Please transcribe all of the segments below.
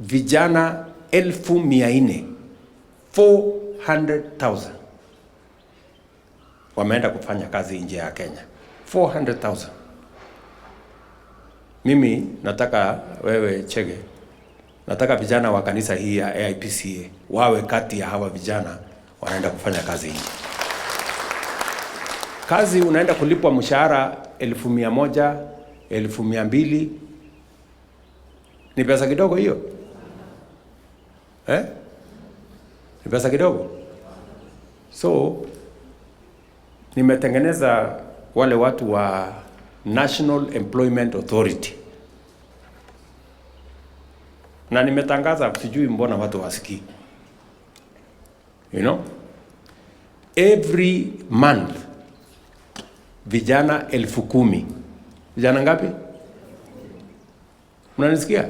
vijana elfu mia nne 400,000 wameenda kufanya kazi nje ya Kenya 400,000. Mimi nataka wewe Chege, nataka vijana wa kanisa hii ya AIPCA wawe kati ya hawa vijana wanaenda kufanya kazi nje. Kazi unaenda kulipwa mshahara elfu mia moja elfu mia mbili ni pesa kidogo hiyo eh? Ni pesa kidogo. So nimetengeneza wale watu wa National Employment Authority na nimetangaza, sijui mbona watu wasikii. You know? Every month vijana elfu kumi. Vijana ngapi? Mnanisikia?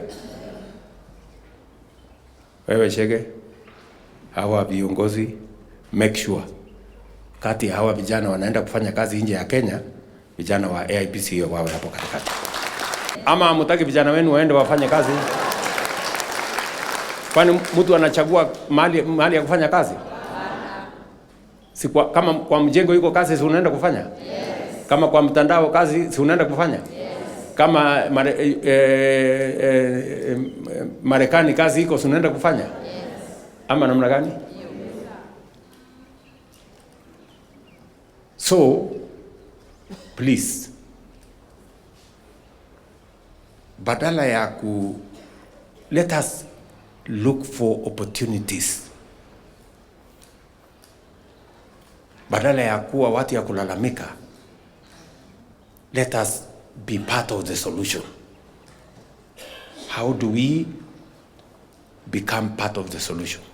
wewe Chege, hawa viongozi make sure kati ya hawa vijana wanaenda kufanya kazi nje ya Kenya, vijana wa AIPC wawe hapo katikati, ama mtaki vijana wenu waende wafanye kazi? Kwani mtu anachagua mahali mahali ya kufanya kazi? Si kwa, kama kwa mjengo yuko kazi si unaenda kufanya? Yes. Kama kwa mtandao kazi si unaenda kufanya? Yes. Kama e, e, Marekani kazi iko, unaenda kufanya ama namna gani? So please, badala ya ku let us look for opportunities, badala ya kuwa watu ya kulalamika, let us be part of the solution. How do we become part of the solution?